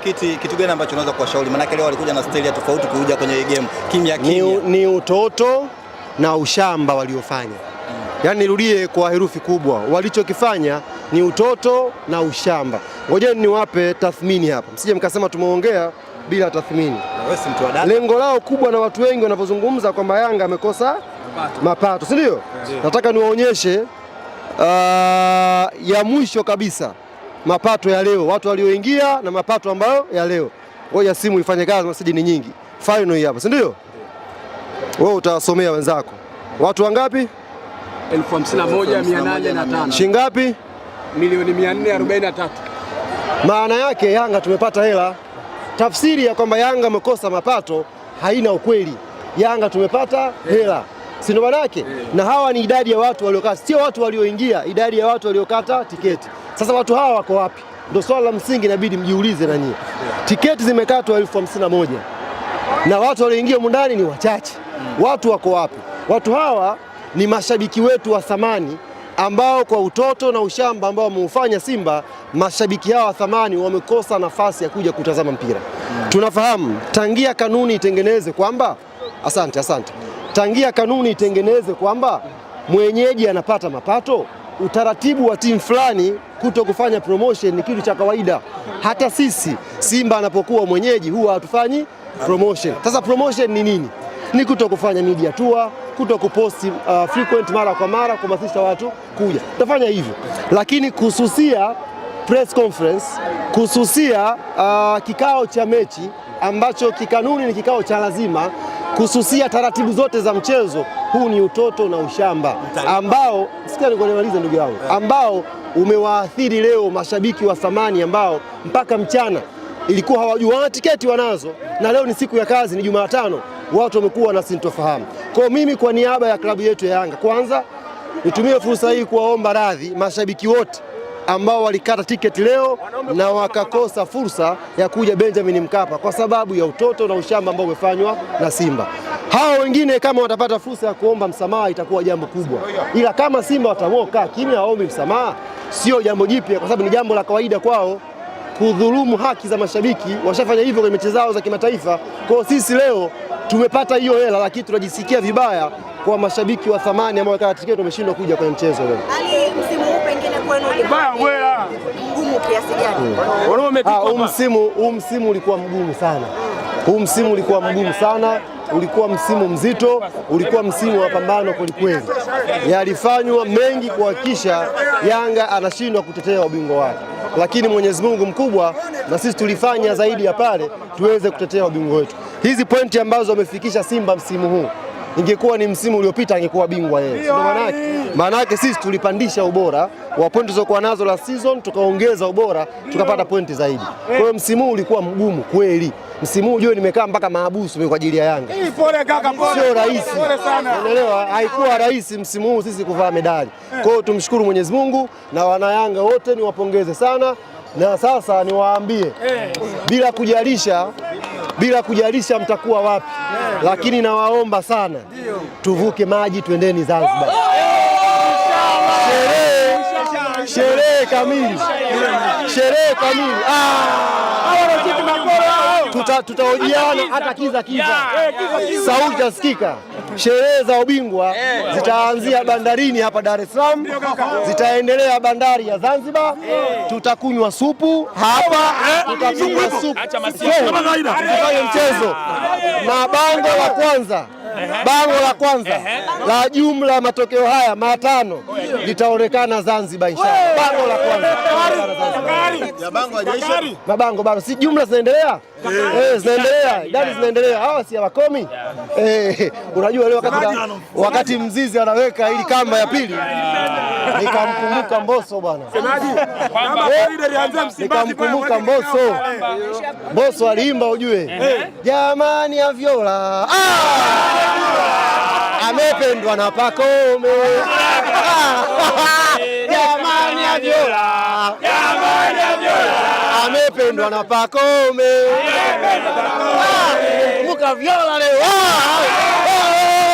mwenyekiti, kitu gani ambacho unaweza kuwashauri? Maana leo walikuja na staili tofauti kuja kwenye hii game kimya kimya. Ni, ni utoto na ushamba waliofanya mm. Yaani nirudie kwa herufi kubwa, walichokifanya ni utoto na ushamba. Ngojeni niwape tathmini hapa, msije mkasema tumeongea bila tathmini. Lengo lao kubwa, na watu wengi wanapozungumza kwamba Yanga amekosa mapato, mapato si ndio? Nataka niwaonyeshe uh, ya mwisho kabisa mapato ya leo, watu walioingia na mapato ambayo ya leo. Ngoja simu ifanye kazi, masidi ni nyingi. Final hii hapa, si ndio? Wewe utawasomea wenzako watu wangapi? 151805 shilingi ngapi? Milioni 443. Maana yake Yanga tumepata hela. Tafsiri ya kwamba Yanga amekosa mapato haina ukweli. Yanga tumepata hela, si ndio? Maana yake eh. na hawa ni idadi ya watu waliokata, sio watu walioingia, idadi ya watu waliokata tiketi. Sasa watu hawa wako wapi? Ndio swala la msingi inabidi mjiulize na nyie. Tiketi zimekatwa elfu hamsini na moja na watu walioingia mundani ni wachache. Watu wako wapi? Watu hawa ni mashabiki wetu wa thamani ambao kwa utoto na ushamba ambao wameufanya Simba, mashabiki hawa wa thamani wamekosa nafasi ya kuja kutazama mpira. Tunafahamu tangia kanuni itengeneze kwamba asante, asante, tangia kanuni itengeneze kwamba mwenyeji anapata mapato utaratibu wa timu fulani kuto kufanya promotion ni kitu cha kawaida. Hata sisi Simba anapokuwa mwenyeji huwa hatufanyi promotion. Sasa promotion ni nini? Ni kuto kufanya media tour, kuto kuposti uh, frequent mara kwa mara kuhamasisha watu kuja. Tutafanya hivyo, lakini kususia press conference, kususia uh, kikao cha mechi ambacho kikanuni ni kikao cha lazima kususia taratibu zote za mchezo huu ni utoto na ushamba ambao, sikia, nikunemalize ndugu yangu, eh. ambao umewaathiri leo mashabiki wa samani ambao mpaka mchana ilikuwa hawajua wana tiketi wanazo, na leo ni siku ya kazi, ni Jumatano, watu wamekuwa na sintofahamu. Kwa mimi kwa niaba ya klabu yetu ya Yanga, kwanza nitumie fursa hii kuwaomba radhi mashabiki wote ambao walikata tiketi leo na wakakosa fursa ya kuja Benjamin Mkapa kwa sababu ya utoto na ushamba ambao umefanywa na Simba. Hawa wengine kama watapata fursa ya kuomba msamaha itakuwa jambo kubwa, ila kama Simba watamoka kimya, waombi msamaha, sio jambo jipya, kwa sababu ni jambo la kawaida kwao kudhulumu haki za mashabiki. Washafanya hivyo kwenye mechi zao za kimataifa. Kwa sisi leo tumepata hiyo hela, lakini tunajisikia vibaya kwa mashabiki wa thamani ambao wameshindwa kuja kwenye mchezo leo kwenu mgumu kiasi msimu huu msimu ulikuwa mgumu sana, huu msimu ulikuwa mgumu sana ulikuwa msimu mzito, ulikuwa msimu wa pambano kwelikweli. Yalifanywa mengi kuhakikisha Yanga anashindwa kutetea ubingwa wake, lakini Mwenyezi Mungu mkubwa, na sisi tulifanya zaidi ya pale tuweze kutetea ubingwa wetu. Hizi pointi ambazo wamefikisha Simba msimu huu, ingekuwa ni msimu uliopita angekuwa bingwa yeye. Maana yake sisi tulipandisha ubora wa pointi zilizokuwa nazo la season, tukaongeza ubora, tukapata pointi zaidi. Kwa hiyo msimu huu ulikuwa mgumu kweli. Msimu huu nimekaa mpaka maabusu kwa ajili ya Yanga. Sio rahisi, unaelewa? Haikuwa rahisi msimu huu sisi kuvaa medali. Kwa hiyo tumshukuru Mwenyezi Mungu na wana Yanga wote niwapongeze sana, na sasa niwaambie bila kujalisha bila kujalisha mtakuwa wapi, lakini nawaomba sana tuvuke maji, twendeni Zanzibar. kamili, sherehe kamili. Ah. Tutaojiana hata kiza kiza, eh, sauti tasikika. Sherehe za ubingwa eh. zitaanzia bandarini hapa Dar es Salaam, zitaendelea bandari ya Zanzibar. Eh. Tutakunywa supu hapa, tutakunywa supu, tutafanya mchezo na bango la kwanza bango la kwanza la jumla ya matokeo haya matano litaonekana Zanzibar inshallah. Bango la kwanza mabango bado si jumla zinaendelea, eh, zinaendelea idadi zinaendelea, hawa si eh, Unajua leo wakati mzizi anaweka ili kamba ya pili nikamkumbuka Mboso bwana, eh, nikamkumbuka Mboso. Mboso aliimba ujue, jamani ah! Pendwa na Pakome jamani, Abiola amependwa na Pakome, ah, muka Viola leo ah, ah,